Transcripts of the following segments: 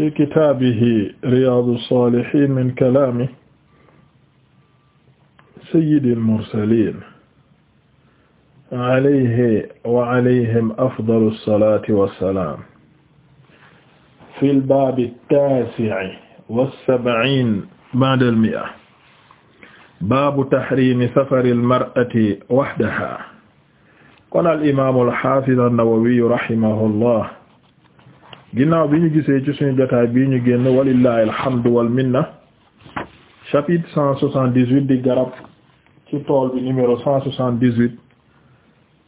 fi kitaabihi riyaadu saalihiin min kalaami sayyidil mursaliin alayhi wa alayhim afdalu salaati wa salaam. fil baabi taasi'i wa sab'iin ba'dal mi'a. baabu tahriimi safaril mar'ati wahdahaa. qaala al imaamul haafiz an-Nawawiyyu rahimahullah. ginnaaw bi ñu gisee ci suñu jotaay bii ñu génn walillahi alhamdu wal minna chapitre cent soixante dix di garab ci tool bi numéro cent soixante-dix-huit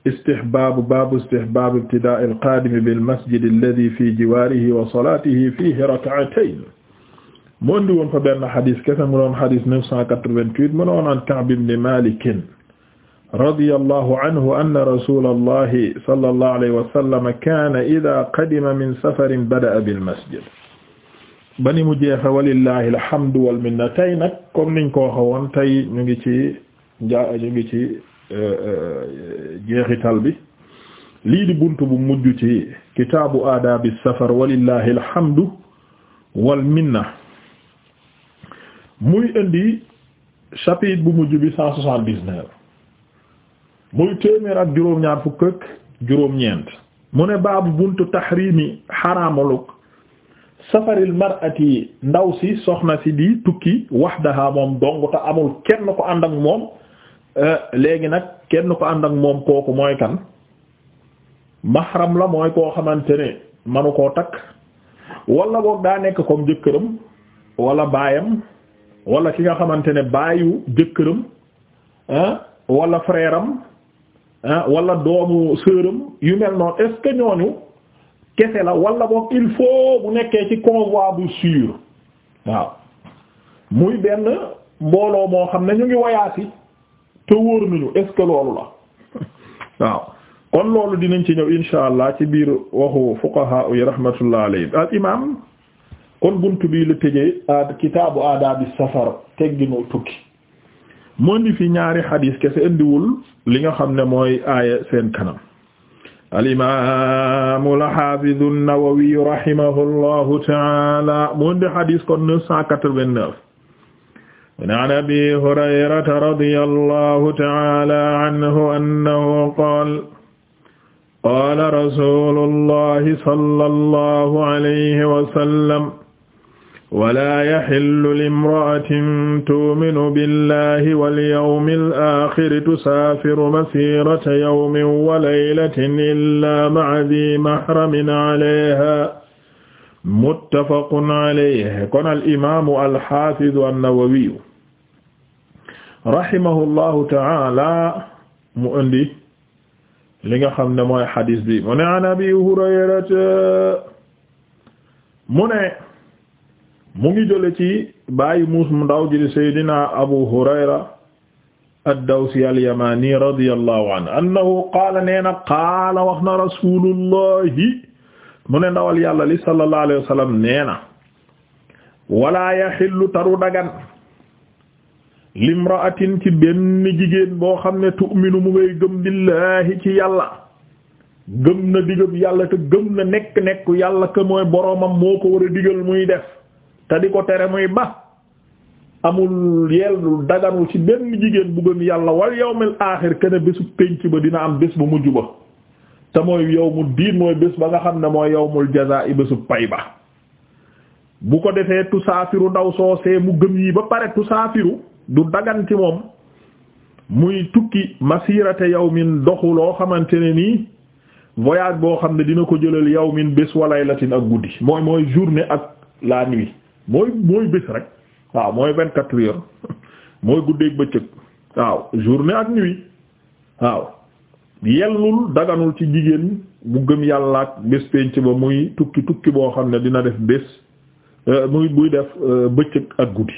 istihbaabu baabu istihbaabu ibtidaa'i al-qaadimi bil masjid alladhi fi jiwaarihi wa salaatihi fiihi rak'atayn mu indi woon fa benn xadis neuf cent quatre-vingt-huit mu doon Ka'b ibn Malik radiyallahu anhu anna rasulallahi sallallahu alayhi wa sallam kaana idaa qadima min safarin bada'a bil masjid ba ni mu jeexe walillahi alhamdu wal minna tey nag comme niñ ko waxoon tey ñu ngi ci ja ñu ngi ci euh, euh, jeexital bi lii di buntu bu mujj ci kitaabu aadaabi safar walillahi alhamdu wal minna muy indi chapitre bu mujj bi 179 muy téeméer ak juróom-ñaar fukk ak juróom-ñeent mu ne baabu buntu tahrimi xaraamaluk safaril mar'ati ndaw si soxna si di tukki wax wahdaha moom dong amul kenn ko ànd ak moom euh, léegi nag kenn ko ànd ak moom kooku mooy kan mahram la mooy koo xamante ne manu koo takk walla boog daa nekk comme jëkkëram walla baayam wala ki nga xamante ne baayu jëkkëram wala frère walla doomu sëram yu mel noonu est ñooñu kese la wala boog il faut bu nekkee ci convoi bu sûr waaw muy benn mbooloo moo xam ne ñu ngi wayaasi te wóor nañu est loolu la waaw kon loolu dinañ ci ñëw insha allah ci biir waxu fuqaha yi rahmatullah alayhi al imam kon bunt bii la tëjee ah, kitaabu aadaabi safar tegginu tukki mu indi fi ñaari xadis kese indiwul li nga xam ne mooy aaya seen kanam alimamu alxafidu an-Nawawi rahimahullahu taala mu indi xadis kon neuf cent quatre-vingt-neuf an abi hurayrata radiyallahu taala anhu annahu qaala qaala rasulullahi sallallahu alayhi wa sallam wala yaxillu limra'atin tu'minu billahi wal yawmil aaxiri tusaafiru masiirata yawmin wa laylatin illaa ma'a dii mahramin alayhaa muttafaqun alayhi kon al imaamu alxaafidu annawawiyu rahimahullahu ta'aala mu indi li nga xam ne mooy xadiis bi mu ne an abi hurayrata mu ne mu ngi jële ci bàyyi muus mu ndaw ji seydina abu hurayra ad-dawsi al-yamani radiyallahu anhu annahu qaala wax na rasulullahi mu ne ndawal yàlla li sallallahu alayhi wa sallam nee na walaa yaxillu taru dagan limraatin ci benn jigéen boo xam ne tu'minu mu ngay gëm billaahi ci yàlla gëm na digab yàlla te gëm na nekk nekk yàlla ke mooy boroomam moo ko war a digal muy def te di ko tere muy ba amul yellu daganul ci benn jigéen bu gën yàlla wal yawmil aaxir kene bésu pénc ba dina am bés bu mujj ba te mooy yawmu diin mooy bés ba nga xam ne mooy yawmul jazaa'i bésu pay ba bu ko defee tusaafiru ndaw soosee mu gën yii ba pare tusaafiru du dagan ci moom muy tukki masirate yawmin doxu loo xamante ne nii voyage boo xam ne dina ko jëlal yawmin bés wa laylatin ak guddi mooy mooy journée ak la mooy mooy bés rek waaw mooy vingt quatre heures mooy guddeeg bëccëg waaw journée ak nuit waaw yellul daganul ci jigéen bu gëm yàlla ak bés penc ba muy tukki tukki boo xam ne dina def bés euh, muy buy def euh, bëccëg ak guddi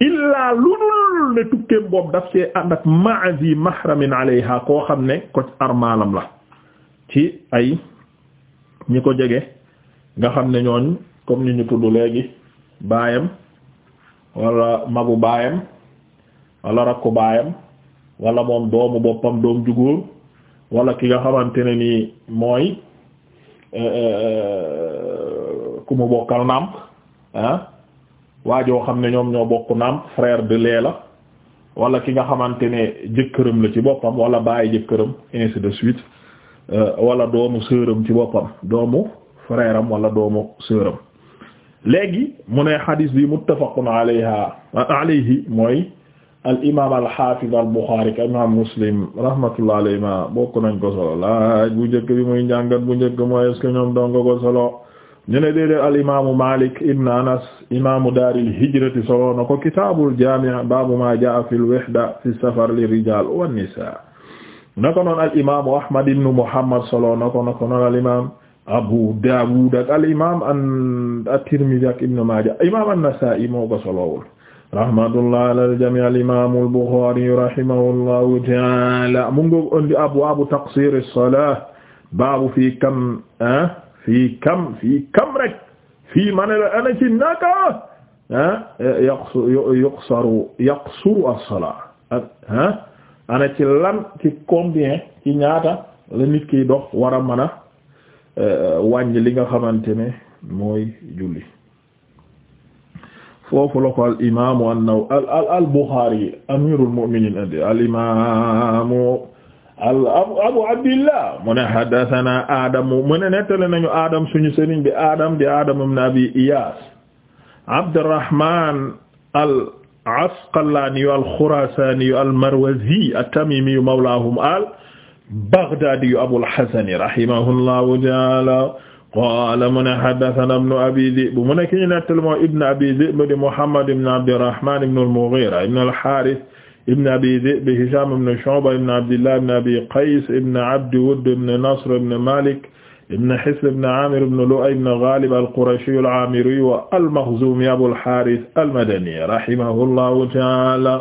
illaa lu dul ne tukkeem boobu daf see ànd ak maazi mahramin alayha koo xam ne ko armaalam la ci ay ñi ko jege nga xam ne ñooñ comme ni ñu tudd léegi baayam wala magu baayam wala rakku baayam wala moom doomu boppam doom ju wala ki nga xamante ne nii mooy eh, eh, eh, ku mu bokkal nàmp ah waajoo xam ne ñoom ñoo bokk nàmp frère de lee la wala ki nga xamante ne jëkkëram la ci boppam wala baay jëkkëram ainsi de suite wala doomu sœuram ci boppam doomu frère wala doomu sœuram léegi mu ne xadis bi muttafaqun alayha alayhi mooy al ka imaam muslim rahmatullah alayhima bokk nañ ko solo laaj bu njëkk bi muy njàngat bu njëkk mu est ce que ñoom doon nga ko solo Malik ibn Anas imaamu daaril hijrati solo na ko kitaabul jaami' baabu jaa fil wihda fi safar li rijaal wan nisaa na Ahmad ibn Muhammad solo na ko Abu Dawud ak al imaam at-Tirmidhi ak Ibn Maaja imaam an-Nasaa'i moo ko solowul rahmatullah ala al-jamii' al-imaam al-Bukhaari rahimahullahu ta'aala mu ngi indi abwaabu taqsiir as-salaah baabu fii kam ah fii kam fii kam rek fii man la ana ci naka ah yaqsu yuqsaru yaqsuru as-salaah ah ana ci lan ci combien ci ñaata la nit ki dox war a mën a Euh, wàññi li nga xamante ne mooy julli foofu la ko al imaamu annaw al al Bukhari amirul mu'minin al imaamu al abu abdillah mu ne haddathana Adamu mu ne nettali nañu Adam suñu sëriñ bi Adam di Adam ibn Abi Iyas Abdurrahman al Asqalani al Khurasani al Marwazi at-Tamimi mawlahum al Baghdaadi Abul Hasan rahimahullahu ta'ala qaala mu ne haddathana ibnu Abi Dhi'b mu ne ki ñu nettali moo ibnu Abi Dhi'b di Muhammad ibnu Abdirrahmaan ibnu al-Mughira ibnu al-Haarith ibnu Abi Dhi'b Hishaam ibnu Shu'ba ibnu Abdillah ibnu Abi Qays ibnu Abdi Wudd ibnu Nasr ibnu Maalik ibnu Hisl ibnu Aamir ibnu Lu'ay ibnu Ghaalib al-Qurashi al-Aamiri wa al-Makhzuumi Abul Haarith al-Madani rahimahullahu ta'aala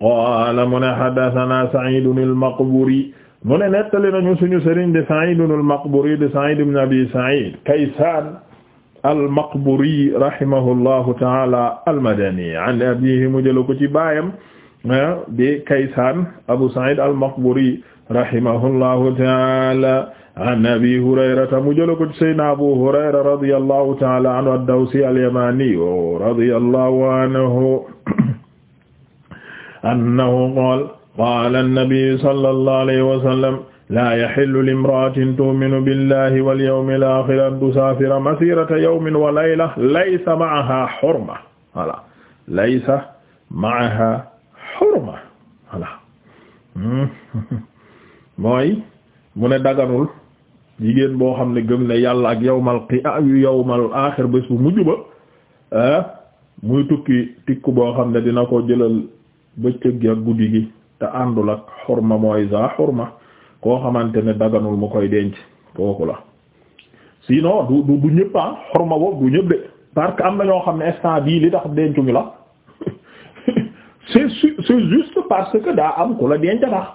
qaala mu ne haddathana Sa'iid al-Maqburi mu ne nettali nañu suñu sëriñ de Sa'id al-Maqburi de Sa'id ibn Abi Sa'id Kaysan al-Maqburi rahimahullahu ta'ala al-Madani an abihi mu jël ko ci baayam de Kaysan Abu Sa'id al-Maqburi rahimahullahu ta'ala an Abi Hurayrata mu jël ko ci Sayyidina Abu Hurayra radiyallahu ta'ala anhu ad-Dawsi al-Yamani radiyallahu anhu annahu qala qaala annabi sallallahu alayhi wa sallam laa yaxillu limra'atin tu'minu billahi wal yawmil aaxiri an tusaafira masiirata yawmin wa layla laysa ma'ahaa xurma voilà laysa ma'ahaa xurma voilà hmm. mooy mu ne daganul jigéen boo xam ne gëm ne yàlla ak yawmal qiyaam ah, yawmal aaxir bés bu mujj ba ah, muy tukki tikku boo xam ne dina ko jëlal bëccëg gi ak guddi gi. te àndul ak xorma mooy za xorma koo xamante ne daganul mu koy denc kooku la sinon du du du ñëpp ah boobu du ñëpp de parce que am na ñoo xam ne instant bii li tax la parce que daa ku la denc tax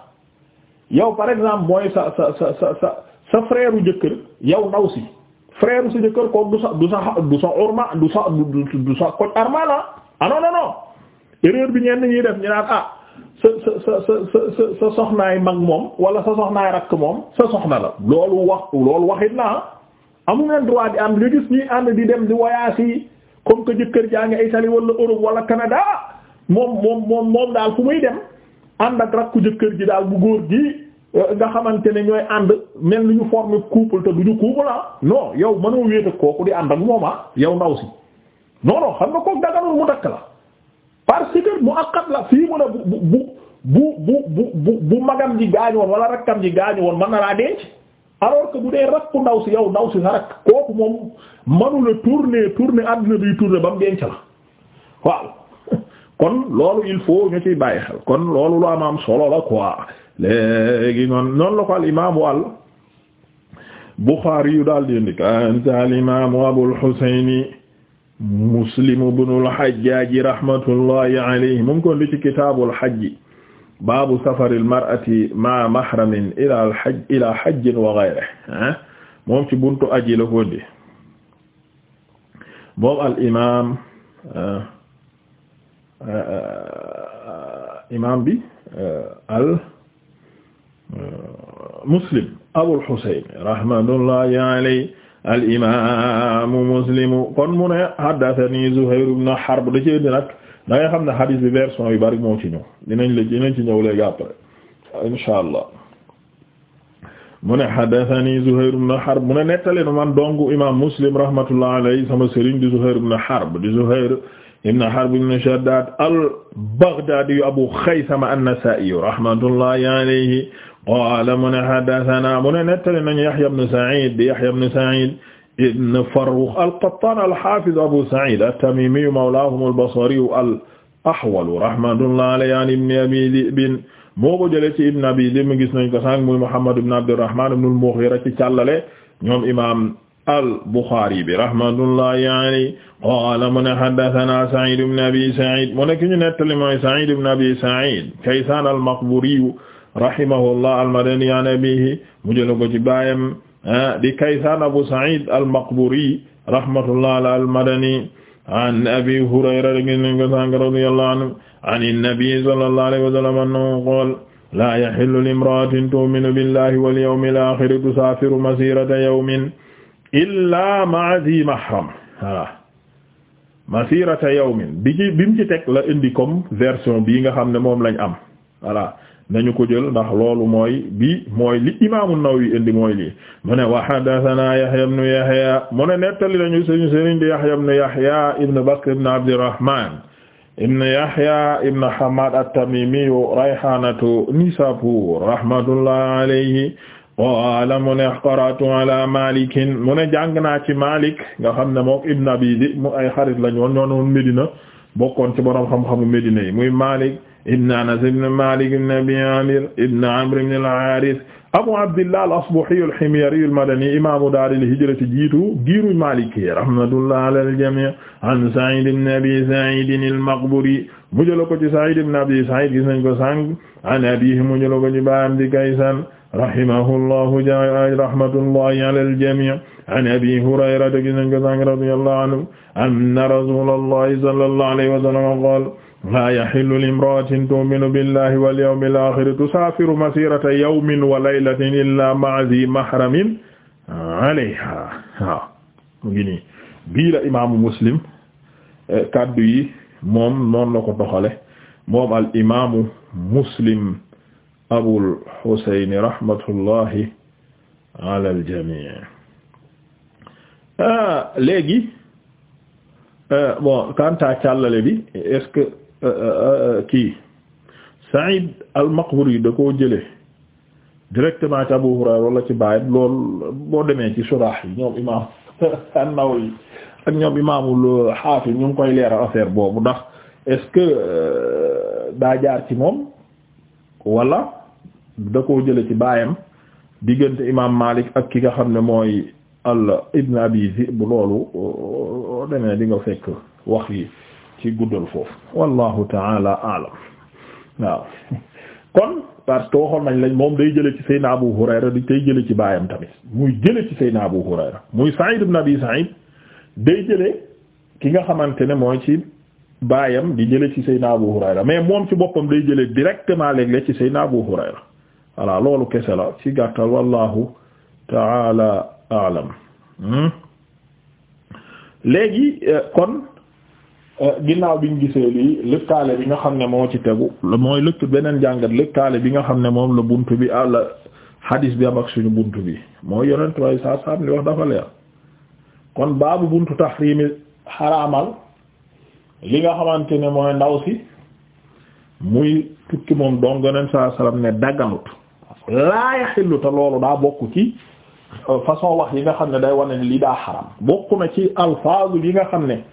yow par exemple mooy sa sa sa sa sa sa jëkkër yow ndaw si frère sa jëkkër kooku du sa du sa du du sa du sa koc arma la ah. ah non non bi ñenn ñuy def ñu naan ah. sa sa sa sa sa sa soxnaay mag moom wala sa soxnaay rakk moom sa soxna la loolu wax loolu waxit naa amu ngeen droit di am li gis ñuy ànd di dem di voyage yi comme que jëkkër jaa ngi Italie wala Europe wala Canada moom moom moom moom daal fu muy dem ànd ak rakku jëkkër ji daal bu góor gi euh, nga xamante ne ñooy ànd mel ni ñu former couple te duñu couple ah non yow mënoo wéet ak kooku di ànd ak moom ah yow ndaw si non xam nga kooku daganul mu dakk la. parce que mu akkat la fii mën a bu bu bu bu bu bu magam ji gaañu woon wala rakkam ji gaañu woon mën na laa denc alors que bu dee rakku ndaw si yow ndaw si sa rakk kooku moom manula tourner tourner àdduna bi tourner ba denc la waaw kon loolu il faut ñu ci bàyyi xel kon loolu lu am am solo la quoi léegi noonu noonu la al imaamu al Buxaari yu daal di indi kan al imaamu Abul Husayni muslim ibnul hajjaaji rahmatullahi alayhi mu ngi ko li ci kitaabul hajji baabu safaril mar'ati ma'a mahramin ilal hajj ila hajjin wa ghayrihi ah, moom ci buntu aji la ko di moom al imaam ah, imaam bi ah, al muslim abul husayn rahmatullahi alayhi al imaamu muslimu kon mu ne haddathani Zuhayr ibn Harb da cee di nag da ngay xam ne hadith bi version yu bari moo ci ñëw dinañ la dinañ ci ñëw léegi après insha allah mu ne haddathani Zuhayr ibn Harb mu ne nettali na man dongu imaam Muslim rahmatullah alayhi sama sëriñ di Zuhayr ibn Harb di Zuhayr ibn Harb ibn Shaddad al-Baghdadi Abu Khaythama an-Nasa'i rahmatullahi alayhi qaala mu ne haddasanaa mu ne nettali nañu Yahya ibn Sa'iid di Yahya ibn Sa'iid ibn Farrukh al-Qattaan al-Haafiz Abu Sa'iid at-Tamiimi mawlaahum al-Basri al-Ahwal rahmatullahi alayhi an ibn Abi Dhi'b moo ko jëlee ci ibn Abi Dhi'b gis nañ ko sànq muy Muhammad ibn Abdirrahmaan ibn al-Mughiira ci càllale ñoom imaam al-Buxaari bi rahmatullahi alayhi qaala mu ne haddasanaa Sa'iid ibn Abi Sa'iid mu ne ki ñu nettali mooy Sa'iid ibn Abi Sa'iid Kaysaan al-Maqburi rahimahullah almadani an abihi mu jëla ko ci baayam ah, di Kaysaan Abu Sa'id al-Maqburi rahmatullah almadani an abi Hurayra radiyallahu anhu an an-nabi sallallahu alayhi wa sallam annahu qaala laa yahillu limra'atin tu'minu billahi wal yawmil aakhiri tusaafiru masiirata yawmin illaa ma'a dhii mahram masiirata yawmin bi ci bi mu ci teg la indi comme version bii nga xam ne moom lañ am voilà nañu ko jël ndax loolu mooy bi mooy li imaamu Nawawi indi mooy lii mu ne wa haddathana Yahya ibn Yahya mu ne nettali nañu suñu Yahya ibn Yahya ibn Bakr ibn Abdirrahman ibn Yahya ibn Hamad at-Tamimi Nisapur rahmatullahi alayhi qaala ne qara'tu ala Malik mu ne jàng naa ci Malik nga xam ne mook ibn Abi Dhi'b mu ay xarit lañu woon ñoo woon bokkoon ci boroom xam-xamu Médina yi muy Malik ibn Anas ibn Malik ibn Abi Amir ibn Amr ibn al-Harith Abu Abdillah al-Asbahi al-Himyari al-Madani imamu dar al-hijrati jiitu giiru Maliki rahmatullah ala al-jami' an Sa'id ibn Abi Sa'id al-Maqburi mu jël ko ci Sa'id ibn Abi Sa'id gis nañ ko sànq an abihi mu jël ko ci baayam di Kaysan rahimahullahu rahmatullahi ala al-jami' an Abi Hurayra gis nañ ko sànq radiyallahu anhu anna rasulallahi sallallahu alayhi wa sallam qala laa yaxillu limra'atin tu'minu billahi wal yawmil aaxiri tusaafiru masirata yawmin wa laylatin illaa ma'a alayha waaw mu ngi muslim eh, kaddu yi moom noonu la ko doxale al imaamu muslim abul husayn rahmatullahi ala al jamii ah, eh, Euh, euh, euh, kii Saïd al yi da koo jële directement ci Abu Hurayra wala ci baayam lool boo demee ci surah yi ñoom imaam an-Nawawi ak ñoom imaamul Hafiz ñu koy leer affaire boobu ndax est-ce que daa jaar ci moom wala da koo jële ci baayam diggante imaam Malik ak ki nga xam ne mooy al ibn Abi Zib loolu demee di fekk wax yi ci guddal foofu wallahu taala alam waaw kon parce que waxoon nañ lañ moom day jële ci Seydina Abu Hurayra di tay jële ci baayam tamit muy jële ci Seydina Abu Hurayra muy Sa'id ibn Abi Sa'id day jële ki nga xamante ne mooy ci baayam di jële ci Seydina Abu Hurayra mais moom ci boppam day jële directement léeg-léeg ci Seydina Abu Hurayra voilà loolu kese la ci gàttal wallahu taala alam hmm? léegi euh, kon Euh, ginnaaw bi ñu gisee lii lëkkaale nga xam ne moo ci tegu mooy lëkk beneen jàngat lëkkaale bi nga xam ne moom la buntu bi àlla ah, hadis bi am ak suñu bunt bi mooy yonent way saa saam li wax dafa leer kon baabu buntu taxriimi xaraamal li nga xamante ne mooy ndaw si muy tukki moom dong yonent saa salaam ne dagganut laa yaxillu loolu daa bokk ci euh, façon wax yi nga xam ne day wane ne lii daa xaram bokk na ci alfaazu yi nga xam ne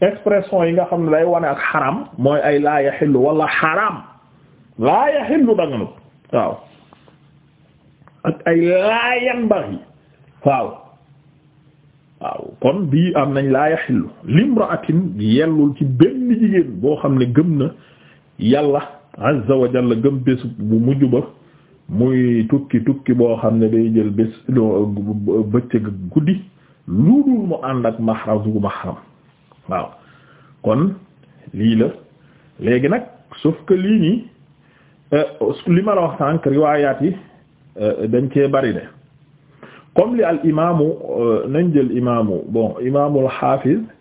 expression yi nga xam ne day wane ak xaram mooy ay laa yaxillu wala xaram laa yaxillu daganut waaw ak ay laa yanbaghi waaw waaw kon bii am nañ laa yaxillu limra'atin yellul ci benn jigéen boo xam ne gëm na yàlla azza wa jalla gëm bés bu mujj ba muy tukki tukki boo xam ne day jël bés bëccëg guddi lu dul mu ànd ak mahram gu waaw kon lii la léegi nag sauf que lii nii euh, li ma yi euh, dañ cee bari de li al imaamu euh, nañ jël imaamu bon imaamul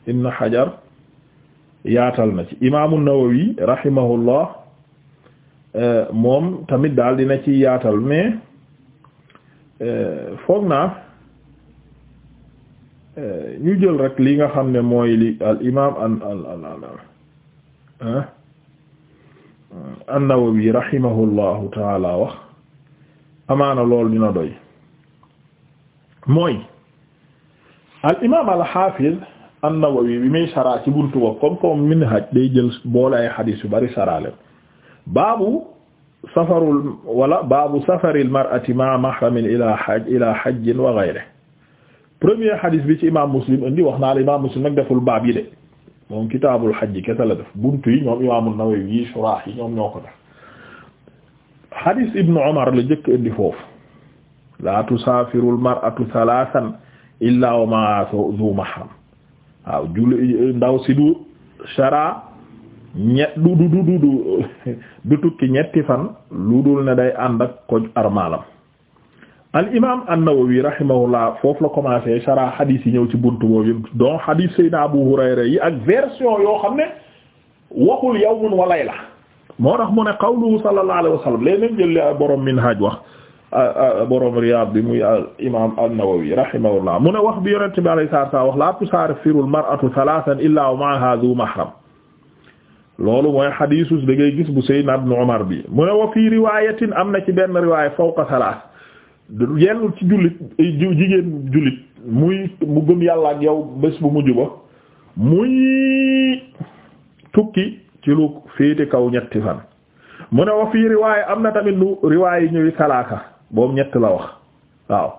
ibn Hajar yaatal na ci imaamu Nawawi rahimahullah moom tamit daal di na ci yaatal mais foog naa. ñu jël rek li nga xam ne mooy li al imaam an al al ah an-Nawawi rahimahullahu lool dina doy mooy al imaam al xaafiz an-Nawawi bi muy saraa ci buntu ba comme comme minhaj day jël boole ay xadiis yu bari saraale baabu safarul wala baabu safaril mar'ati ma'a mahramin ila ila hajjin wa ghayrihi premier hadith bi ci imam muslim indi wax naa la imam muslim nag deful baab yi de moom kitaabul hajj kese la def buntu yi ñoom imam an-Nawawi yi surah yi ñoom ñoo ko def hadith ibnu umar la jëkk indi foofu la tusaafirul mar'atu thalathan illa wa ma mahram waaw ndaw si du shara ñetti fan lu dul ne day ànd ko armalam al imaam an-Nawawi rahimahullah foofu la commencé sarah hadith yi ñëw ci buntu boobu yëpp donc hadith Seydina Abu Hurayra yi ak version yoo xam ne waxul yawmun wa layla moo tax mu ne qawluhu sallallahu alayhi wa sallam léegi nañ jël li borom Minhaj wax borom Riyad bi muy imaam an-Nawawi rahimahullah mu ne wax bi yonent bi alayhi salaatu wax la tusafiru al-mar'atu thalathan illa wa ma'aha dhu mahram loolu mooy hadiisu da ngay gis bu Seydina Ibn Umar bi mu ne wa fii riwaayatin am na ci benn riwaaya fawqa thalath yellul ci jullit jigéen jullit muy mu gëm yàlla ak yow bés bu mujj ba muy tukki ci lu féete kaw ñetti fan mu ne wa fii riwaay am na tamit lu riwaay yi ñuy salaasa boobu ñett la wax waaw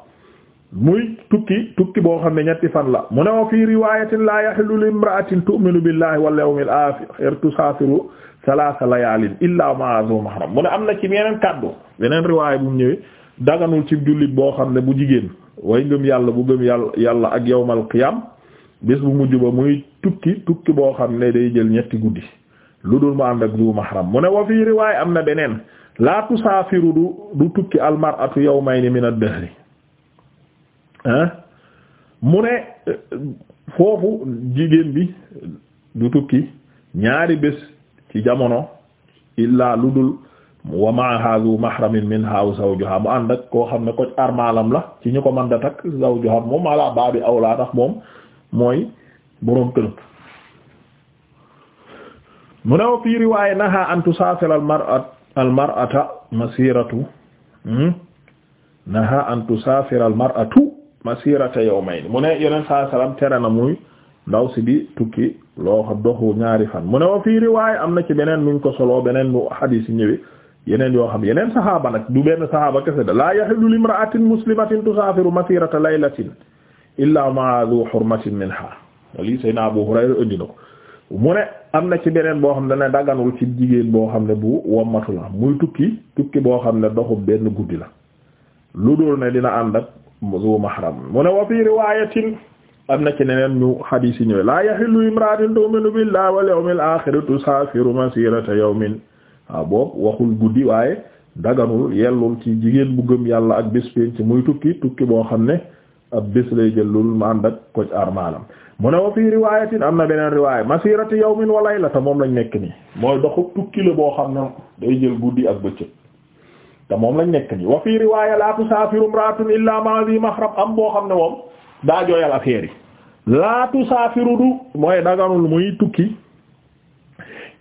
muy tukki tukki boo xam ne ñetti fan la mu ne wa fii riwaayatin la yahillu li imra'atin tu'minu billahi wal yawmil akhir tusafiru salaasa layaalin illa ma'a zu mu ne am na ci yeneen kàddu yeneen riwaay bu mu ñëwee daganul ci jullit boo xam ne bu jigéen way ngëm yàlla bu gëm yàlla yàlla ak yawmal qiyam bés bu mujj ba muy tukki tukki boo xam ne day jël ñetti guddi lu dul mu ànd ak du mahram mu ne wa fii waaye am na beneen laa tusaafiru du du tukki almaratu yawmayni min ad-dahri hein mu ne foofu jigéen bi du tukki ñaari bés ci jamono illaa lu dul wa maa hazu mahramin minha wa zawjuha mu ànd ak koo xam ne ko armalam la ci ñu ko mën da takk zawjuha moom ala baabi awla ndax moom mooy boroom këlëb mu ne wa fii riwaaya naha an tusaafir al mar'at al mar'ata masiratu hmm? naha an tusaafir al mar'atu masirata yawmayn mu ne yeneen saa tere na muy ndaw si bi tukki loo doxu ñaari fan mu ne wa fii riwaaya am na ci beneen nuñ ko solo beneen nu xadiis ñëwee yeneen yoo xam yeneen saxaaba nag du benn saxaaba kese da laa yahillu limra'atin muslimatin tusaafiru masirata laylatin illaa ma'a dhu hurmatin minha lii Seydina Abu Hurayra indi ko mu ne am na ci beneen boo xam ne ne daganul ci jigéen boo xam ne bu wommatu la muy tukki tukki boo xam ne doxu benn guddi la lu dul ne dina ànd ak zu mahram mu ne wa fii riwaayatin am na ci neneen ñu xadiis yi ñëwee laa yahillu imra'atin tu'minu billahi wal yawmil akhir tusaafiru masirata yawmin waaw boobu waxul guddi waaye daganul yellul ci jigéen bu gëm yàlla ak bés ci muy tukki tukki boo xam ne ab bis lay jël lu ma ànd ak koc armalam mu ne wa fii riwaayatin am na beneen riwaaya masirati yawmin wa laylata moom lañ nekk nii mooy doxu tukki la boo xam ne day jël guddi ak bëccëg te moom lañ nekk nii wa riwaaya la tusaafiru imra'atun illa ma'a dhi am boo xam ne moom daa jooyal affaire yi la tusaafiru du mooy daganul muy tukki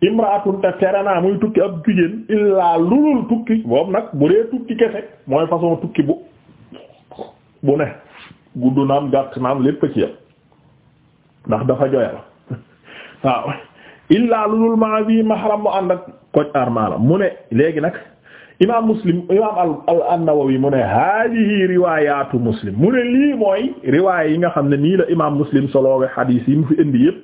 imraatun te terana muy tukki ak jigéen illaa lulul tukki boobu nag bu dee tukki kese mooy façon tukki bu bu ne gudd naam gàtt naam lépp ci yam ndax dafa joyal waaw illaa lulul ma bi mahram mu ànd ak koc armala mu ne léegi nag imaam muslim imaam al al an-Nawawi mu ne hadihi riwaayaatu muslim mu ne lii mooy riwaay yi nga xam ne nii la imaam muslim soloowe xadiis yi mu fi indi yëpp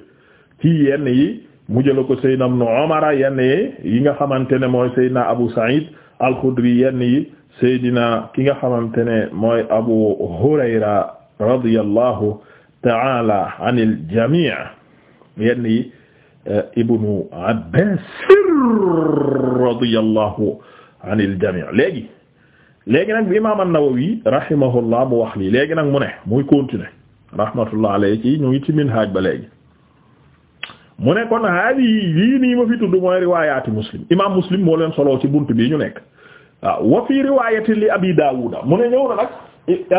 ci yenn yi mu jëla ko Seydina Ibn Umar yenn yi nga xamante ne mooy Seydina Abu Sa'id al-Khudri yenn yi Seydina ki nga xamante ne mooy Abu Hurayra radiyallahu ta'ala anil jami' yenn yi eh, Ibnu Abbas radiyallahu anil jami' léegi léegi nag bi imaam an-Nawawi rahimahullah mu wax lii léegi nag mu ne muy continuer rahmatullah alayhi ñu ngi ci minhaj ba léegi mu ne kon haali yii nii ma fi tudd mooy riwaayaati muslim imaam muslim moo leen soloo ci bunt bi ñu nekk waaw wa fii riwaayati li abi daawuda mu ne ñëw na nag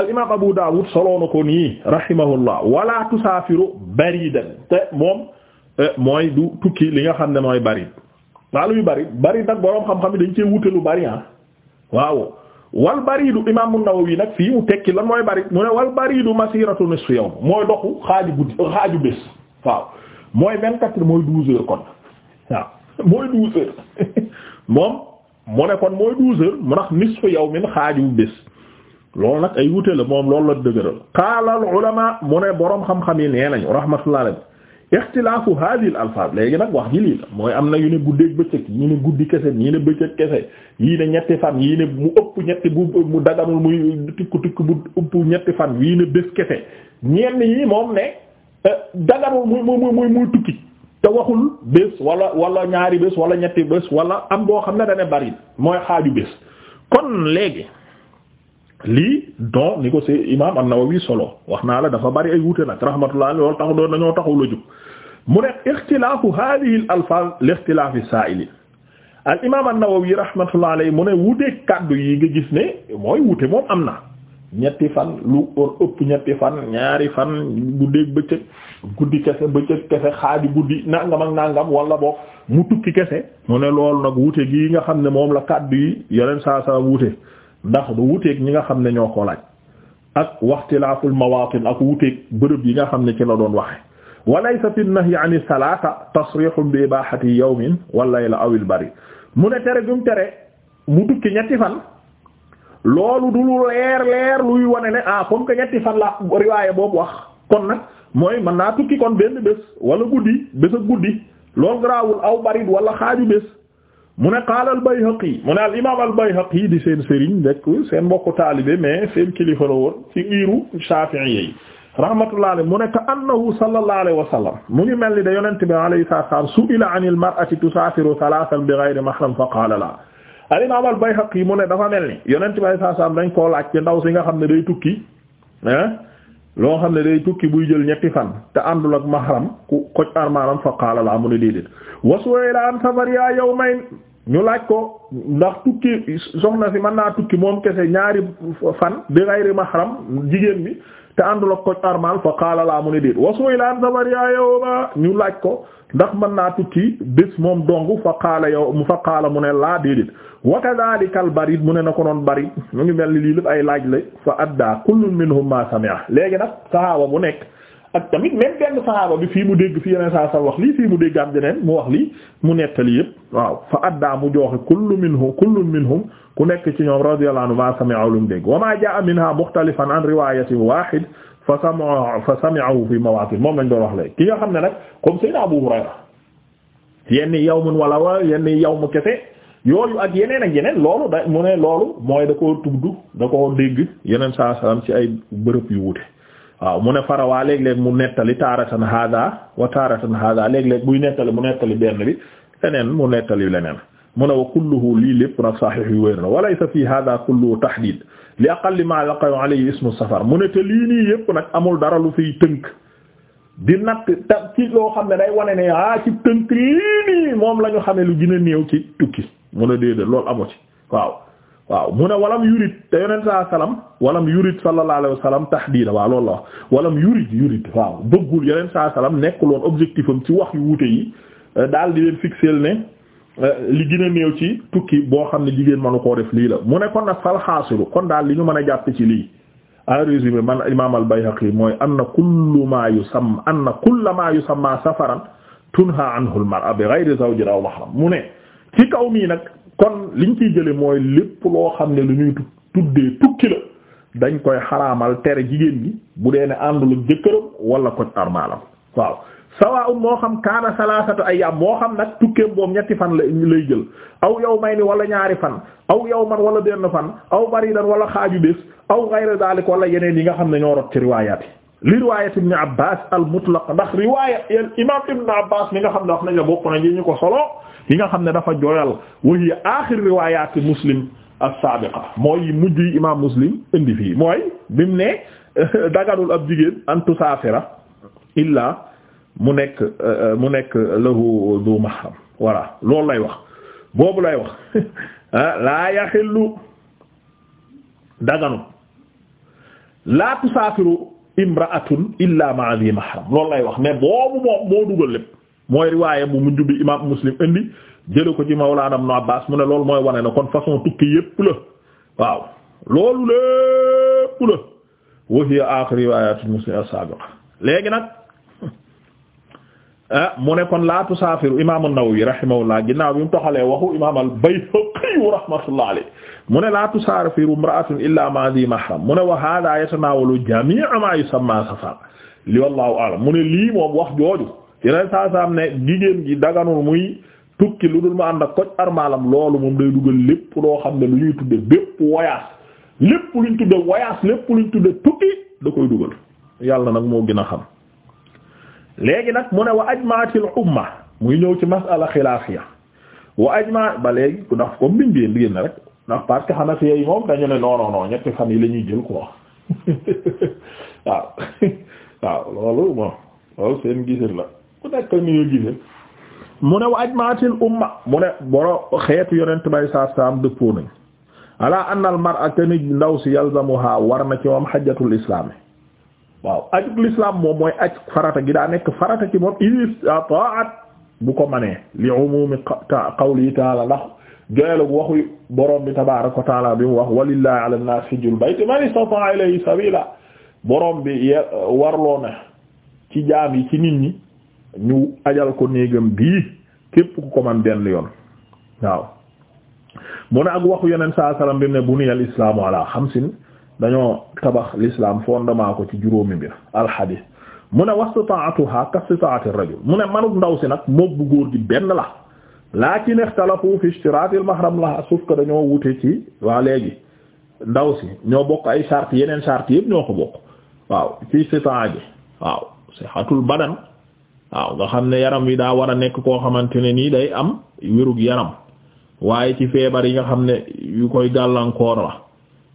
al imaam abu daawud soloo na ko nii rahimahullah wala tusaafiru baridan te moom eh, mooy du tukki li nga xam ne mooy barid maa luy barid barid nag boroom xam-xam dañ cee wute lu bari ah. waaw wal baridu imaam an wii nag fii mu tekki lan mooy bari mu ne wal baridu masiratu nisfu yawm mooy doxu xaaju guddi xaaju bés waaw mooy vingt-quatre mooy douze heures kon waaw mooy douze moom mu ne kon mooy douze heures mu ndax nisfu yawmin xaaju bés loolu nag ay wute la moom loolu la dëgëral qaala al ulama mu ne boroom xam-xam yi nee nañu rahmatullah alayhi ixtilaafu hadhihi al léegi nag wax ji lii la mooy am na yu ne guddeeg bëccëg ñii ne guddi kese ñii ne bëccëg kese yii ne ñetti fan yii ne mu ëpp ñetti bu mu daganul muy tikku tikku bu ëpp ñetti fan yii ne bés kese ñenn yi moom ne dagarul muy muy muy muy tukki te waxul bés wala wala ñaari bés wala ñetti bés wala am boo xam ne dane bari mooy xaaju bés kon léegi lii do ni ko si imaam an solo wax naa la dafa bari ay wuute nag rahmatullah loolu taxu doon dañoo taxaw la jóg mu ne ixtilaafu hadihi al alfaz li ixtilaafi saa'ili al imaam an-Nawawi mu ne wuute kàddu yi nga gis ne mooy wuute moom am na ñetti fan lu or ëpp ñetti fan ñaari fan guddeeg bëccëg guddi kese bëccëg kese xaaj guddi nangam ak nangam wala boog mu tukki kese mu ne loolu nag wute gi nga xam ne moom la kàddu yi yeneen saa saa wute ndax du wuteeg ñi nga xam ne ñoo ko laaj ak waxtilaaful mawaatin ak wuteeg bërëb yi nga xam ne ci la doon waxe walaysa fi nahyi ani salaata tasrihum bi ibahati yawmin wal layla awil bari mu ne tere gum tere mu tukki ñetti fan loolu du lu leer leer luy wane ne ah comme que ñetti fan la riwaaye boobu wax kon nag mooy man naa tukki kon benn bés wala guddi bés a guddi loolu garaawul aw barid wala xaaju bés mu ne qaala al-Bayhaqi mu ne al imaam al-Bayhaqi di seen sëriñ nekk seen bokku taalibe mais seen kilifa la woon ci ngiru Shafi'i yi rahmatullahi alayhi mu ne ka annahu sallallahu alayhi wa sallam mu ngi mel ni da yonent bi alayhi salaam la al imaam al Bayhaqi mu ne dafa mel ni yonent bi saa saam dañ koo laaj ci ndaw si nga xam ne day tukki ah loo xam ne day tukki buy jël ñetti fan te àndul ak mahram ku koj armaram fa qaala laa mu ne déedéet wasu'ila an safariha yawmayn ñu laaj ko ndax tukki soxna si mën naa tukki moom kese ñaari fan di ghayri mahram jigéen bi te àndul ak koc armal fa qaala laa mu ne déet wasu ila an safariya yawma ñu laaj ko ndax mën naa tukki bés moom dong fa qaala yow mu fa qaala mu ne laa déedéet wa kadhalika al barid mu ne na ko noon barid mu ngi mel ni lii lépp ay laaj la fa adda kullun minhum léegi nag sahaaba bu nekk ak tamit même benn saxaaba bi fii mu dégg fi yeneen saa sa wax lii fii mu dégg am jeneen mu wax lii mu nettali yëpp waaw fa addaa mu jooxe kullu minhum ku nekk ci ñoom radiyallahu anhu ma sami'a lu mu dégg wa ma jaa minha mukhtalifan an riwayatin wahid fa sami'a fa sami'ahu fi mawaqit moom lañ doon wax léegi ki nga xam ne nag comme sayna Abu Hurayra yenn yawmun wala wa yow mu kese yooyu ak yeneen ak yeneen loolu da mu ne loolu mooy da koo tudd da koo dégg yeneen saa ci ay bërëb yu wute waaw mu ne farawaa léeg-léeg mu nettali taaratan hada wa taaratan hada léeg-léeg buy nettali mu nettali benn bi leneen mu nettali leneen mu ne wa kulluhu lii lépp nag sahih yu wér na wa laysa fii hada kulluhu tahdid li aqalli ma laqa alayhi ismu safar mu ne te lii nii yépp nag amul dara lu fiy tënk di natt ta loo xam ne day wane ne ah ci tënk lii moom lañu xame lu gën a ci tukki mu ne lool amu ci waaw waaw mu ne walam yurid te yonent saa salaam walam yurid sallallahu alayhi wa sallam la wax walam yurid yurid waaw bëggul yonent saa salaam nekkul woon objectif am ci wax yu wuute yi euh, daal di leen fixeel ne euh, li gën a néew ci tukki boo xam ne jigéen mënu koo def lii la mu ne kon nag fal xaasilu kon daal li ñu mën a jàpp ci lii en résumé man imaam al-Bayhaqi mooy anna kullu ma yu yusamma anna kulla ma yusamma safaran tunha anhu al-mar'a bi ghayri zawjin aw mahram mu ne ci kaw mi nag kon liñ ciy jële mooy lépp loo xam ne lu ñuy tuddee tukki la dañ koy xaraamal tere jigéen gi bu dee ne àndul ak jëkkëram wala ko armaalam waaw sawa'un moo xam kaana ay ayyam moo xam nag tukkeem boobu ñetti fan la lay jël aw ni wala ñaari fan aw man wala benn fan aw baridan wala xaaju bés aw ghayra dalik wala yeneen yi nga xam ne ñoo rot ci riwayat yi li riwayat ibn abbas al mutlaq ndax riwayat yen imam ibn abbas mi nga xam ne wax nañ la bokk ñu ko solo yi nga xam ne dafa jooyal wa hiya aaxir riwaayaati muslim as-saabiqa mooy mujj yi imaam muslim indi fii mooy bim ne dagarul ab jigéen an tusaafira illaa mu nekk euh, mu nekk lahu du mahram voilà loolu lay wax boobu lay wax laa ah, yaxillu daganu laa tusaafiru imraatun illaa ma'a di mahram loolu lay wax mais boobu moom moo dugal lépp mooy riwaayé bu mujj bi imam muslim indi jële ko ci mawlaana ibn abbas mu ne loolu mooy wane na kon façon tukki yépp la waaw loolu lépp la wa hiya aaxir riwaayatul muslim as-saabiqa léegi nag ah mu ne kon la tusaafiru imaam an-Nawawi rahimahullah ginnaaw bi mu toxalee waxu imaam al-Bayhaqi rahmatullahi alayhi mu ne la tusaafiru imra'atun illa ma'a dhi mahram mu ne wa mu ne wax jooju yeneen saa saa am ne jigéen gi daganul muy tukki lu dul mu ànd ak koc armaalam loolu moom day dugal lépp loo xam ne lu ñuy tudde dépp voyage lépp luñ tudde voyage lépp luñ tudd tukki da koy dugal yàlla nag moo gën a xam léegi nag mu ne wa ajmaatil ma muy ñëw ci masala xilaafiya wa ajma ba léegi ndax comme biñ bieen liggéen na rek ndax parce que xanafiya yi moom dañu ne non non ñetti fan yi la ñuy jël quoi waaw waaw loolu moom loolu seen gisir la ku nekk ni nga gisee mu ne wa ajmaatil umma mu ne boro xeetu yonent bay saa saam dëppoo nañ ala anna al mar'a ni ndaw si yalzamuha war na ci moom xajjatul islam waaw ajul islam moom mooy aj farata gi daa nekk farata ci moom istata'at bu ko manee li umumi qawli taala ndax joyelu bu waxu borom bi tabaaraka wa taala bi mu wax walillahi ala nnaas hijjul bayti man istata'a ilayhi sabila borom bi warloo na ci jaam yi ci nit ñi ñu ajal ko néegam bii képp ku ko man benn yoon waaw mu ne ak waxu yeneen saa salaam bi ne buniyal islaamu ala xamsin dañoo tabax l'islam fondement ko ci juróomi mbir alxadis mu ne wastitaatuha ka istitaati rajul mu ne manut ndaw si nag moom bu góor gi benn la lakin ixtalafu fi ishtiraati almahram la suuf ko dañoo wute ci waa léegi ndaw si ñoo bokk ay charte yeneen charte yëpp ñoo ko bokk waaw ci istitaat gi waaw sihatul badan waaw nga xam ne yaram wi daa war a nekk koo xamante ne nii day am wérug yaram waaye ci feebar yi nga xam ne yu koy gàllankoor la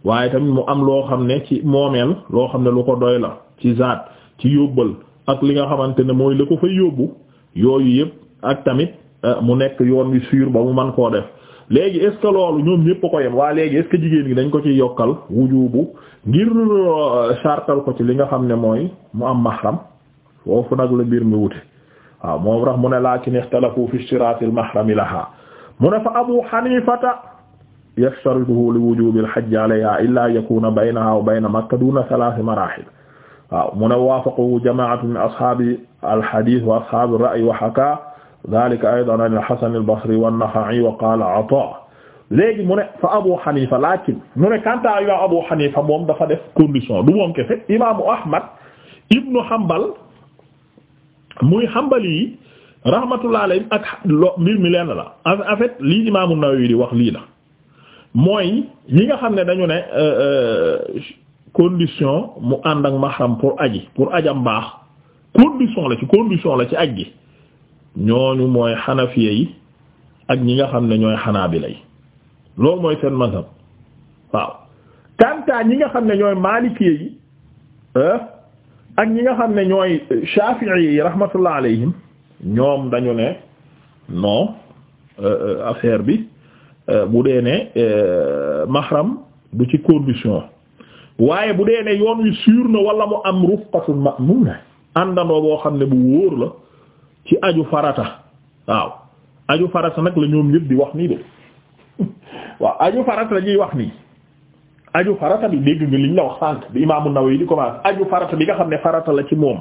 waaye tamit mu am loo xam ne ci moomeel loo xam ne lu ko doy la ci zaat ci yóbbal ak li nga xamante ne mooy la ko fay yóbbu yooyu yëpp ak tamit euh, mu nekk yoon wi suur ba mu man koo def léegi est-ce que loolu ñoom ñëpp a ko yem waa léegi est jigéen gi dañ ko ci yokkal wujubu ngir euh, sartal ko ci li nga xam ne mooy mu am mahram foofu nag mbir mi waaw moom tax mu ne lakin ixtalafu fi ishtiraat al-mahrami laha mu ne fa abu hanifata yashtarituhu li wujubil hajji alayha illa yakuna baynaha wa bayna makka duna thalathi marahil waaw mu ne waafaqahu jamaatu min ashaabi alhadith wa ashaabi ra'yi wa haka dhalika aydan an al-hasan al-basri wa an-nakha'i wa qala ata léegi mu ne fa abu hanifa lakin mu ne kanta imam abu hanifa moom dafa def condition du moom kefe imaamu ahmad ibnu hanbal muy xambali yi rahmatullah alayhim ak lo mbir mi lenn la en fait lii imaamu Nawawi di wax lii la mooy ñi nga xam ne dañu ne euh, euh, condition mu ànd ak mahram pour aji pour ajam baax condition la ci condition la ci aj gi ñooñu mooy xanafiye yi ak ñi nga xam ne ñooy xanaabila yi loolu mooy seen mazhab waaw kanta ñi nga xam ne ñooy maalikiye yi ak ñi nga xam ne ñooy Shafi'i yi rahmatullah alayhim ñoom dañu ne non euh, euh, affaire bi euh, bu dee ne mahram du ci condition waaye bu dee ne yoon wi sûr na wala mu am rufqatul ma'muna àndandoo boo xam ne bu wóor la ci aju farata waaw aju farata nag la ñoom ñëpp di wax nii de waaw aju farata la ñuy wax nii aju farata bi dégg nga liñ la wax sànq bi imaamu Nawawi di commencé aju farata bi nga xam ne farata la ci moom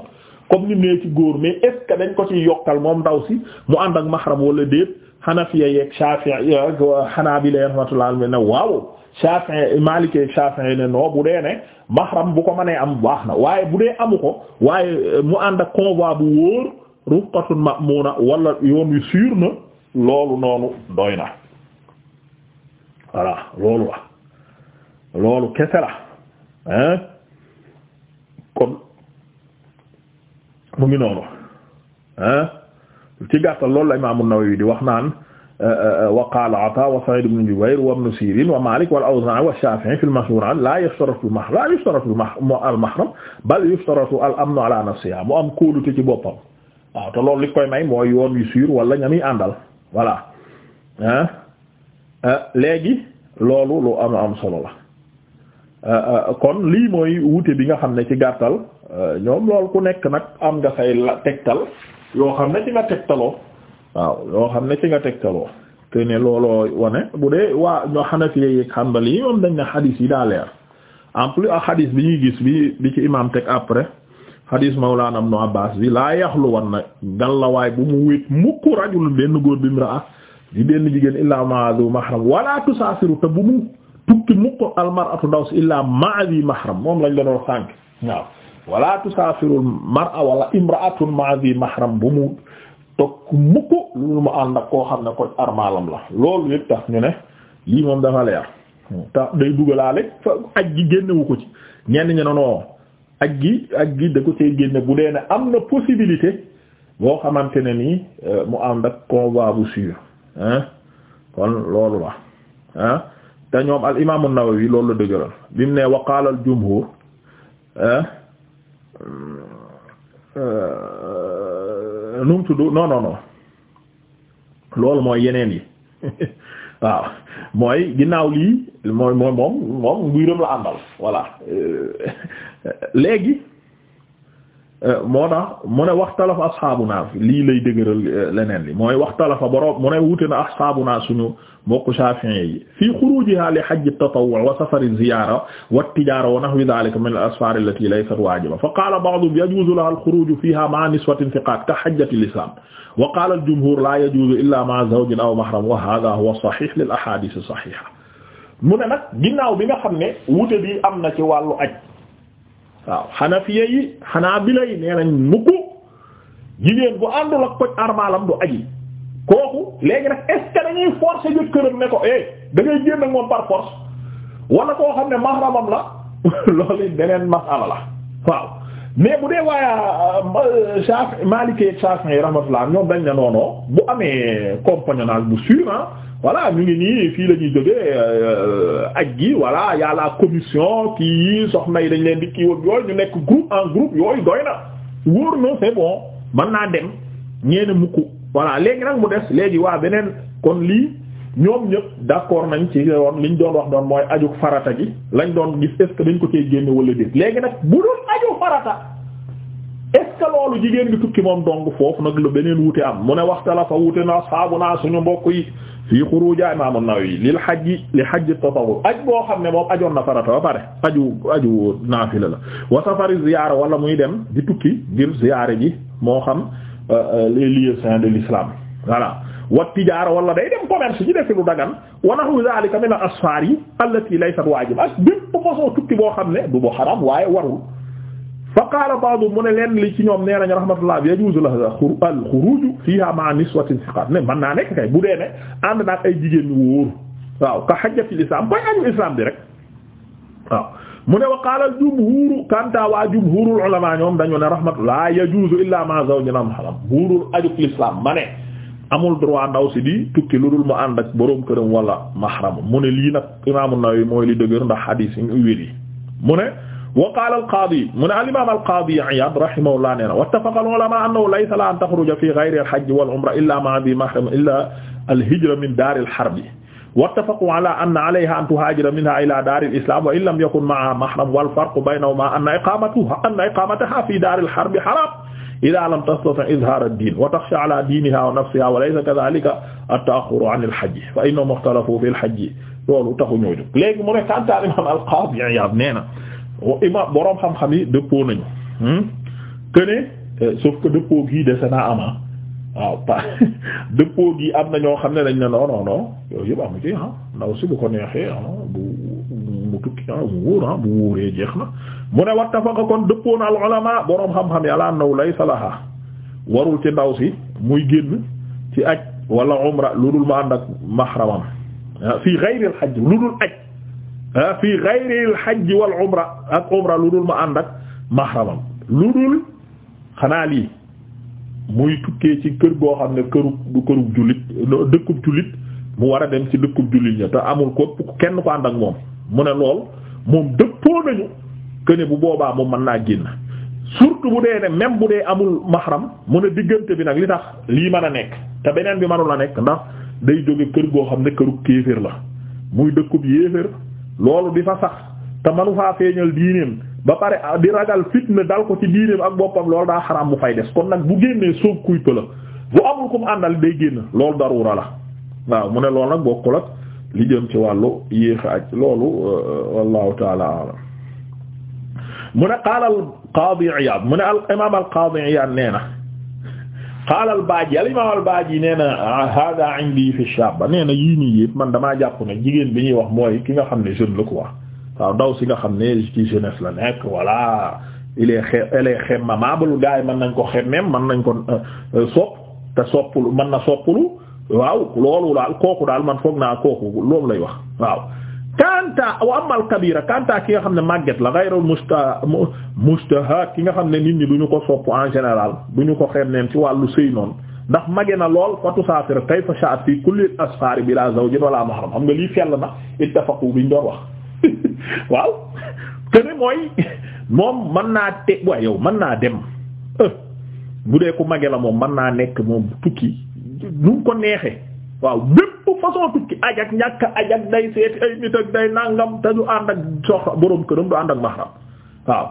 comme ni nee ci góor mais est dañ ko ci yokkal moom ndaw si mu ànd ak mahram wala déet Hanafiya xanaa Shafi'i ak Hanabila rahmatullah ne waaw Shafi'i Maliki yeeg Shafi'i ne non bu dee ne mahram bu ko mënee am baax na waaye bu dee amu ko waaye mu ànd ak convoi bu wóor ruqatun ma'muna wala yoon wi sûr na loolu noonu doy na voilà loolu loolu kese la kon mu ngi noonu hein ci gàttal loolu la imaam an-Nawawi di wax naan euh, euh, euh, wa qaala Ataa wa Sa'iid ibn Jubayr wa Ibn Siriin wa Maalik wal Awzaa'i wa Shaafi'i fil mashhuur laa yashtaratu al-mahram laa yashtaratu al-mahram bal yashtaratu al-amnu alaa nafsihaa mu am kóolute ci boppam waaw te yoon yu sûr wala ñami àndal voilà léegi loolu lu am am solo Euh, euh, kon lii mooy wute bi nga xam ne ci gàttal euh, ñoom lool ku nekk nag am nga say tegtal yoo xam ne ci nga tegtaloo waaw yoo xam ne ci nga tegtaloo te looloo wane bu dee waa ñoo Hanafi yeeg Hanbali yi moom dañ ne hadith yi daa leer en plus bi ñuy gis bi bi ci imam teg après hadith Mawlana Ibn Abbas bi laa yaxlu wan na ngallawaay bu mu wéet mukk rajul benn góor bi mu ra di benn jigéen illaa ma'azu mahram wala tusafiru te bu mu tukki mukk almaratu daws illa ma'azi mahram moom lañ la doon sànk waaw wala tusaafirul mar'a wala imra'atun ma'azi mahram bu mu tokk mukk lu mu ànd ak koo xam ne ko armaalam la loolu yëpp tax ñu ne lii moom dafa leer tax day dugalaale fa aj gi génnewu ko ci ñenn ñi noonu aj gi aj gi da ko see génne bu dee ne am na possibilité boo xamante ne nii euh, mu ànd ak convoi bu sûr hein kon loolu la te ñoom al imaamu Nawawi loolu la dëgëral bi mu nee waqaala al jumhur ah, euh, nu mu tudd non non non loolu mooy yeneen yi waaw mooy ginnaaw lii mooy mooy moom moom mbiram la àndal voilà euh, léegi moo tax mu ne waxtalafa asxaabunaa lii lay dëgëral euh, leneen li mooy waxtalafa borom mu ne wute na asxaabunaa suñu mbokku Shafi'i yi fii xurujiha li hajj at-tatawwu wa safar az-ziyara wa at-tijara wa nahwi dhalika min al-asfar allati laysat wajiba fa qala ba'duhum yajuzu laha al-khuruju fiha ma'a niswatin thiqat ka hajjati al-islam wa qala al-jumhur la yajuzu illa ma'a zawjin aw mahram wa hadha huwa as-sahih lil ahadith as-sahiha mu ne nag ginnaaw bi nga xam ne wute bi am na ci wàllu aj waaw xanafiya yi xanaa yi nee nañ mukk jigéen bu àndul ak koj armalam du aji kooku léegi nag est ce que dañuy forcer jëkkëram ne ko eh da ngay génn ak moom par force wala koo xam ne mahramam la loolu beneen masala la waaw mais bu dee waaye euh, Shafi Maliki ak yi rahmatullah ñoom dañ ne noonoo bu amee compagnonnage bu sûr ah voilà ñu ngi nii fii la ñuy jógee euh, aj gi voilà y a la commission kii soxna yi dañ leen di kii woon yooyu ñu nekk groupe en groupe yooyu doy na wóor na c'est bon mën naa dem ñeene mukk voilà léegi nag mu des léegi waa beneen kon lii ñoom ñëpp d'accord nañ ci yoon liñ doon wax doon mooy aju farata gi lañ doon gis est-ce que dañ ko cee génne wala déet léegi nag bu doon aju farata est-ce loolu jigéen bi tukki moom dong foofu nag la beneen wute am mu ne waxtala fa wute na saabu naa suñu mbokk yi fii xuruja Imaam An-Nawawi lil hajji li hajji tatawwu aj boo xam ne moom ajoon na farata ba pare aju aju naafila la wa safari ziyaara wala muy dem di tukki ngir ziyaare ji moo xam euh, euh, li lieux saints de l'islam voilà wa tijaara wala day dem commerce ji defi lu dagan wa nahwu zaalika min al-asfaar allati laysat waajib ak bépp façon tukki boo xam ne du boo xaram waaye warul fa qaala ba'du mu ne leen li ci ñoom nee nañ rahmatullah bi yajuzu la al xuruj fiha ma'a niswati thiqat ne mën naa nekk kay bu dee ne ànd naag ay jigéen ñu wóor waaw ka hajjatil islam koy aju islam bi rek waaw mu ne aju l'islam ma ne amul droit ndaw si di tukki lu mu ànd boroom këram wala mahram mu ne lii nag imaamu Nawawi mooy li dëgër ndax hadis yi mu ne wa qaala al-qaadi mu ne al-imaam al-qaadi Iyaad rahimahullah nee na wattafaqa al-ulamaa annahu laysa laa an taxruja fii ghayri al-hajj wal-umra illaa ma'a dhi mahram illaa al-hijra min daari al-harb wattafaquu alaa anna alayhaa an tuhaajira minhaa ilaa daari al-islaam wa in lam yakun ma'ahaa mahram wal-farqu baynahumaa anna iqaamatahaa anna iqaamatahaa fii daari al-harb haraam idaa lam tastati' izhaar ad-diin wa taxshaa alaa diinihaa wa nafsihaa wa laysa kadhaalika at-ta'axxuru an al-hajj fa innahum ixtalafuu fil hajj loolu taxu ñoo jóg léegi mu ne Imaam al-Qaadi Iyaad nee na ima boroom xam-xam yi dëppoo nañu hmm? que ne euh, sauf que dëppoo gii dese naa ama ah. waaw pa dëppoo gi am na ñoo xam ne dañ ne non non non yooyu yëpp amu ci ah. ndaw si bu ko neexee ah, bu mu tukki ah bu bu wóoree jeex na mu ne wattafaqa kon dëppoo na al ulama boroom xam-xam yi ala annahu laysa laha warul ci ndaw si muy génn ci aj wala umra lu dul ma ànd ak mahramam fii ghayril hajj lu dul aj fi ghayril hajj wal umra ak umra lu dul ma ànd ak mahramam lu dul xanaa lii muy tukkee ci kër goo xam ne këru du kërub jullit dëkkub jullit mu war a dem ci dëkku jullit ña te amul ko kenn ko ànd ak moom mu ne lool moom dëppoo nañu que bu boobaa moom mën naa génn surtout bu dee ne même bu dee amul mahram mu ne diggante bi nag li tax lii mën a nekk te beneen bi mënul a nekk ndax day jóge kër goo xam ne këru kéefër la muy dëkku yéefër loolu di fa sax te manu faa feeñal diineem ba pare di ragal fitna dal ko ci diineem ak boppam loolu daa xaram mu fay des kon nag bu génnee soog kuy pëla bu amul kum àndal day génn loolu daruura la waaw mu ne loolu nag bokkul ak li jëm ci wàllu yéex aj loolu euh, wallahu taala alam mu ne qaala al qaadi Iyaad mu ne al imaam al qaadi Iyaad nee na qaala al-Baaji al-imaam al-Baaji nee na ah, haadaa indi fi shaaba na yii nii yëpp man damaa jàpp ne jigéen bi ñuy wax mooy ki nga xam ne jeune la quoi waaw ndaw si nga xam ne ci jeunesse la nekk voilà il est xe xemma maabul gars yi mën nañ ko xemmeem mën nañ ko euh, sopp te soppulu man na soppulu waaw loolu daal kooku daal man foog naa kooku loolu lay wax waaw. kanta wa amal kabira kanta ki nga xam ne màgget la ghayrul musta mustahak ki nga xam ne nit ñi du ñu ko sopp en général du ñu ko xem neen ci wàllu sëy noon ndax mage na lool fa tusaafir kayfa sha'at fi kulli bi bila zawjin wala mahram xam nga lii fell na ittafaqu ñu doon wax waaw kene mooy moom mën naa te waaye yow mën naa dem eh, bu dee ku mage la moom mën naa nekk moom tukki nu ko neexee waaw bépp façon tukki ajak ñàkk ajak day seeti ay nit ak day nangam te du ànd ak soxla boroom këram du ànd ak mahram waaw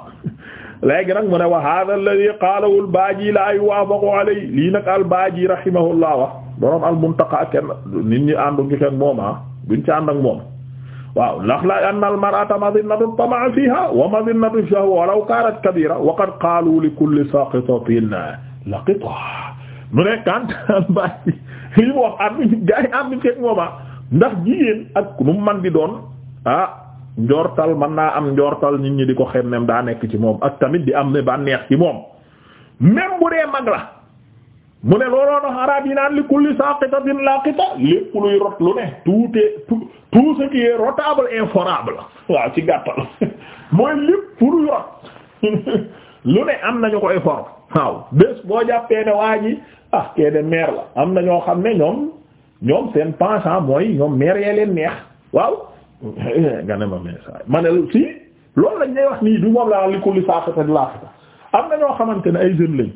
léegi nag mu ne wa hada alladhi qaalahu albaaji la yuwaafaqu alay lii nag albaaji rahimahullah wax boroom almuntaqa kenn nit ñi àndu ngi kenn moom ah duñ ci ànd ak moom waaw ndax la anna almar'ata madinatu tamaa fiha wa madinatu shahwa walaw kanat kabira wa qad qaalu li kulli saqitatin laqita mu ne kant albaaji li mu am nañu gaa am nañu fekk mooma ndax jigéen ak nu man di doon a ah, njortal man naa am njortal nit ñi di ko xemmem daa nekk ci moom ak tamit di am ne ba neex ci moom même bu dee mag la mu ne looloo tax araab yi naan li kulli saqitatin laqita lépp luy rot lu ne tout est tout tout ce qui est rotable inforable waaw ci gàttal mooy lépp luy rot lu ne am nañu ko effort waaw bés boo jàppee ne waa ji ah kee de maire la am na ñoo xam ne ñoom ñoom seen penchant mooy ñoom meer yee leen neex waaw nga ne ma message ma ne loolu lañ lay wax nii du moom laa li ko li saafata di laafata am na ñoo xamante ne ay jeunes lañ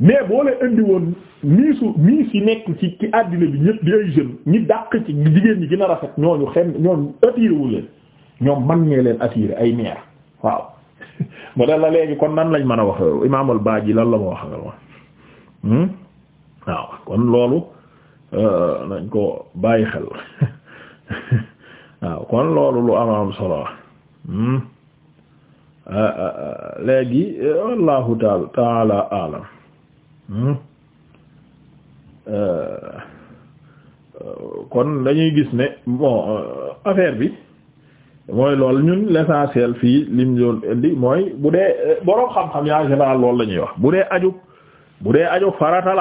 mais boo leen indi woon miisu miis yi nekk ci ci àddina bi ñëpp di ay jeunes ñi dàq ci jigéen ñi gën a rafet ñooñu xem ñooñu attiré wu leen ñoom man ñee leen attiré ay meer waaw mu ne la léegi kon nan lañ mën a wax Imaam al-Baaji lan la ma wax nga hmm? loolu euh, nañ ko bàyyi xel waaw kon loolu lu am am solo hmm? euh, euh, léegi wallahu taala taala hmm? kon dañuy gis ne bon affaire bi mooy loolu ñun l'essentiel fii lim doon indi mooy bu dee euh, boroom xam-xam yaa général loolu la ñuy wax bu dee aju bu dee aju farata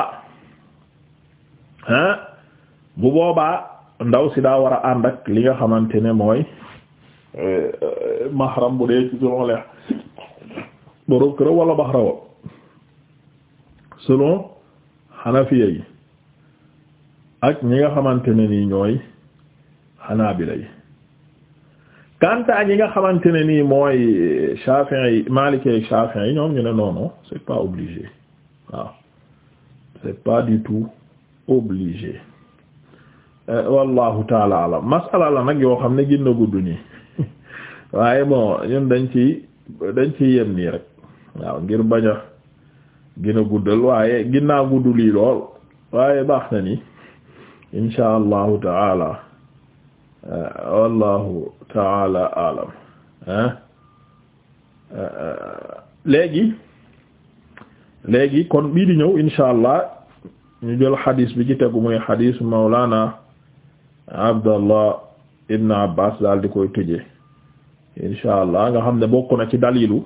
bu boobaa ndaw si daa war a ànd ak li nga xamante ne mooy euh, mahram bu dee ci selon les boroom kër wala mahram selon hanafiya yi ak ñi nga xamante ne nii ñooy hanabila yi kanta yi nga xamante ne nii mooy Shafi'i yi Maliki yi yi ñoom ñu ne noonu non c'est pas obligé waaw c'est pas du tout obligé euh, wallahu taala alam nag yoo xam ne gën na gudd nii waaye bon ñun dañ ci dañ ci yem nii rek waaw ngir bañ gin a guddal waaye ginnaa gudd lii lool waaye baax na ni insha allahu taala Eh, wallahu taala alam eh, eh, léegi léegi kon bii di ñëw insha allah ñu jël xadis bi ci tegu muy xadis mawlana abdallah ibn abbas daal di koy tuje insha allah nga xam ne bokk na ci dalilu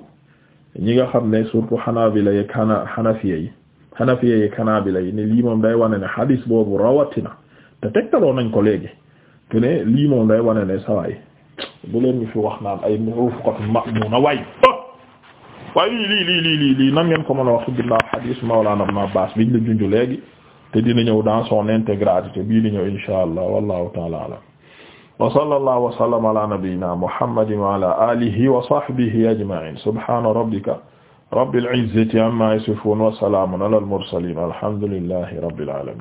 ñi nga xam ne surtout xanaabila yi xana xanafiya yi xanafiya yi xanaabila yi ne lii moom day wane ne xadis boobu rawatina te tegtaloo nañ ko léegi que lii moom day wane ne sawaay bu leen ñu fi wax naan ay mufqatu ma'muna way waaye lii lii lii lii lii lii nan ngeen ko mën a wax ma hadis Mawlana Ibn Abbas biñ la junj léegi te dina ñëw dans son intégralité bii di ñëw insha allah wallahu taala alam wa sallallahu wa sallama ala nabiyyina muhammadin wa ala alihi wa sahbihi ajma'in subhana rabbika rabbil izzati amma yasifun wa salamun ala al mursalin alhamdulillahi rabbil alamin